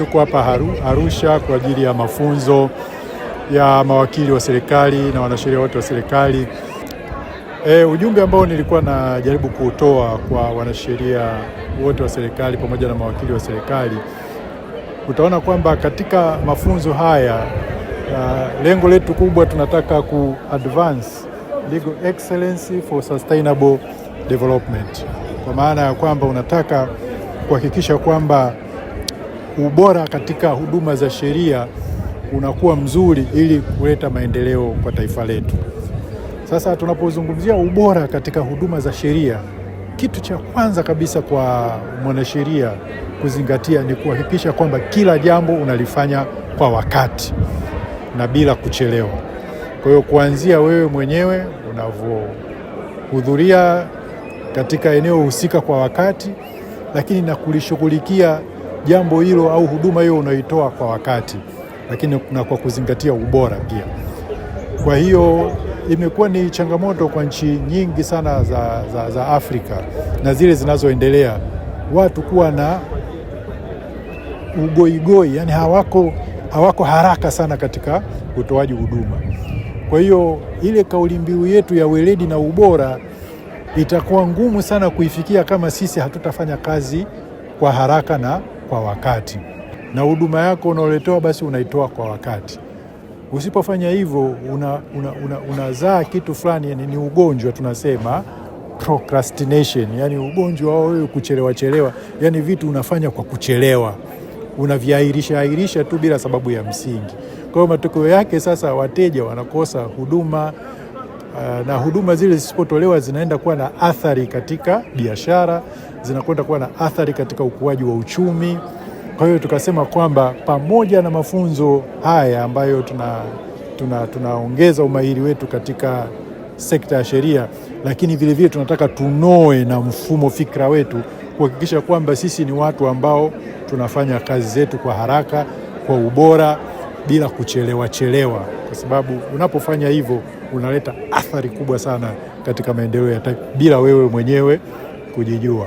tuko hapa Arusha kwa ajili ya mafunzo ya mawakili wa serikali na wanasheria wote wa serikali. E, ujumbe ambao nilikuwa najaribu kuutoa kwa wanasheria wote wa serikali pamoja na mawakili wa serikali, utaona kwamba katika mafunzo haya uh, lengo letu kubwa tunataka ku advance legal excellence for sustainable development, kwa maana ya kwamba unataka kuhakikisha kwamba ubora katika huduma za sheria unakuwa mzuri ili kuleta maendeleo kwa taifa letu. Sasa tunapozungumzia ubora katika huduma za sheria, kitu cha kwanza kabisa kwa mwanasheria kuzingatia ni kuhakikisha kwamba kila jambo unalifanya kwa wakati na bila kuchelewa. Kwa hiyo kuanzia wewe mwenyewe unavyohudhuria katika eneo husika kwa wakati, lakini na kulishughulikia jambo hilo au huduma hiyo unaitoa kwa wakati, lakini na kwa kuzingatia ubora pia. Kwa hiyo imekuwa ni changamoto kwa nchi nyingi sana za, za, za Afrika na zile zinazoendelea watu kuwa na ugoigoi, yani hawako, hawako haraka sana katika utoaji huduma. Kwa hiyo ile kauli mbiu yetu ya weledi na ubora itakuwa ngumu sana kuifikia kama sisi hatutafanya kazi kwa haraka na kwa wakati, na huduma yako unaoletewa basi unaitoa kwa wakati. Usipofanya hivyo unazaa una, una, una kitu fulani, yani ni ugonjwa tunasema procrastination, yani ugonjwa wa wewe kuchelewa chelewa, yani vitu unafanya kwa kuchelewa, unaviahirisha ahirisha tu bila sababu ya msingi. Kwa hiyo matokeo yake sasa wateja wanakosa huduma. Uh, na huduma zile zisipotolewa zinaenda kuwa na athari katika biashara, zinakwenda kuwa na athari katika ukuaji wa uchumi. Kwa hiyo tukasema kwamba pamoja na mafunzo haya ambayo tuna tunaongeza tuna umahiri wetu katika sekta ya sheria, lakini vile vile tunataka tunoe na mfumo fikra wetu kuhakikisha kwamba sisi ni watu ambao tunafanya kazi zetu kwa haraka, kwa ubora, bila kuchelewa chelewa, kwa sababu unapofanya hivyo unaleta athari kubwa sana katika maendeleo ya taifa bila wewe mwenyewe kujijua.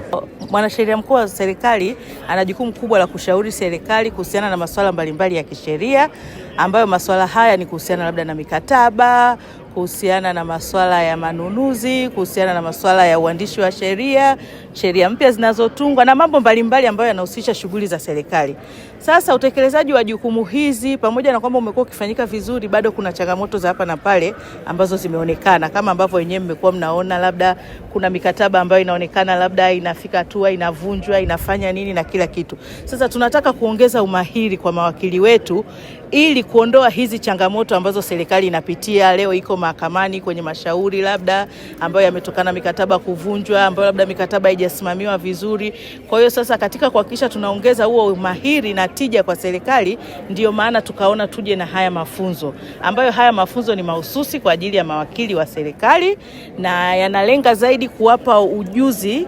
Mwanasheria mkuu wa serikali ana jukumu kubwa la kushauri serikali kuhusiana na masuala mbalimbali ya kisheria ambayo masuala haya ni kuhusiana labda na mikataba, kuhusiana na masuala ya manunuzi, kuhusiana na masuala ya uandishi wa sheria, sheria mpya zinazotungwa na mambo mbalimbali ambayo yanahusisha shughuli za serikali. Sasa utekelezaji wa jukumu hizi, pamoja na kwamba umekuwa ukifanyika vizuri, bado kuna changamoto za hapa na pale ambazo zimeonekana, kama ambavyo wenyewe mmekuwa mnaona, labda kuna mikataba ambayo inaonekana labda inafika hatua inavunjwa, inafanya nini na kila kitu. Sasa tunataka kuongeza umahiri kwa mawakili wetu ili kuondoa hizi changamoto ambazo serikali inapitia leo, iko mahakamani kwenye mashauri labda ambayo yametokana mikataba kuvunjwa, ambayo labda mikataba haijasimamiwa vizuri. Kwa hiyo sasa, katika kuhakikisha tunaongeza huo umahiri na tija kwa serikali, ndiyo maana tukaona tuje na haya mafunzo, ambayo haya mafunzo ni mahususi kwa ajili ya mawakili wa serikali na yanalenga zaidi kuwapa ujuzi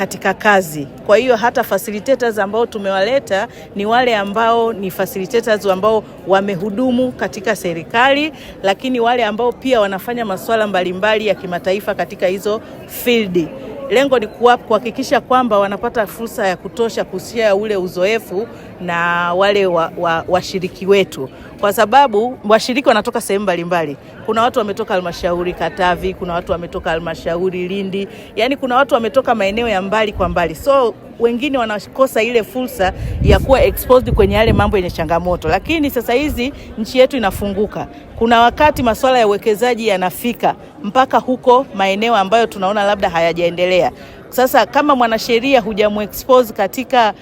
katika kazi. Kwa hiyo hata facilitators ambao tumewaleta ni wale ambao ni facilitators ambao wamehudumu katika serikali, lakini wale ambao pia wanafanya masuala mbalimbali ya kimataifa katika hizo field. Lengo ni kuhakikisha kwamba wanapata fursa ya kutosha kusia ule uzoefu na wale washiriki wa, wa wetu, kwa sababu washiriki wanatoka sehemu mbalimbali. Kuna watu wametoka halmashauri Katavi, kuna watu wametoka halmashauri Lindi, yani kuna watu wametoka maeneo ya mbali kwa mbali, so wengine wanakosa ile fursa ya kuwa exposed kwenye yale mambo yenye changamoto, lakini sasa hizi nchi yetu inafunguka. Kuna wakati masuala ya uwekezaji yanafika mpaka huko maeneo ambayo tunaona labda hayajaendelea. Sasa kama mwanasheria hujamexpose katika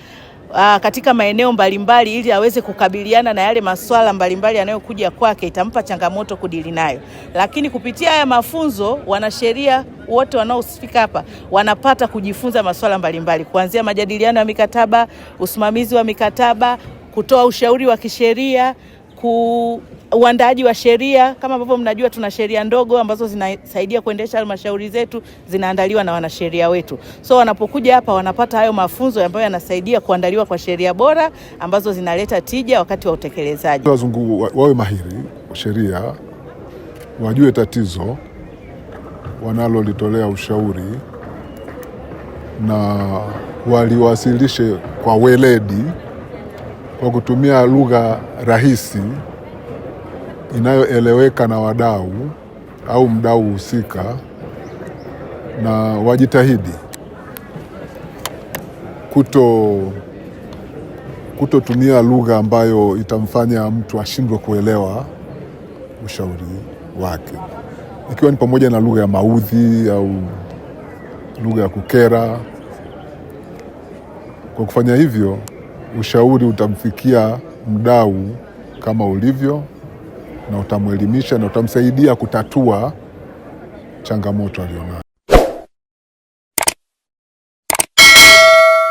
Uh, katika maeneo mbalimbali ili aweze kukabiliana na yale masuala mbalimbali yanayokuja kwake, itampa changamoto kudili nayo. Lakini kupitia haya mafunzo, wanasheria wote wanaofika hapa wanapata kujifunza masuala mbalimbali, kuanzia majadiliano ya mikataba, usimamizi wa mikataba, kutoa ushauri wa kisheria uandaaji wa sheria kama ambavyo mnajua, tuna sheria ndogo ambazo zinasaidia kuendesha halmashauri zetu, zinaandaliwa na wanasheria wetu. So wanapokuja hapa wanapata hayo mafunzo ambayo yanasaidia kuandaliwa kwa sheria bora ambazo zinaleta tija wakati wa utekelezaji. Wazungu wawe mahiri sheria, wajue tatizo wanalolitolea ushauri na waliwasilishe kwa weledi kwa kutumia lugha rahisi inayoeleweka na wadau au mdau husika, na wajitahidi kuto kutotumia lugha ambayo itamfanya mtu ashindwe kuelewa ushauri wake, ikiwa ni pamoja na lugha ya maudhi au lugha ya kukera. Kwa kufanya hivyo, ushauri utamfikia mdau kama ulivyo na utamwelimisha na utamsaidia kutatua changamoto aliyonayo.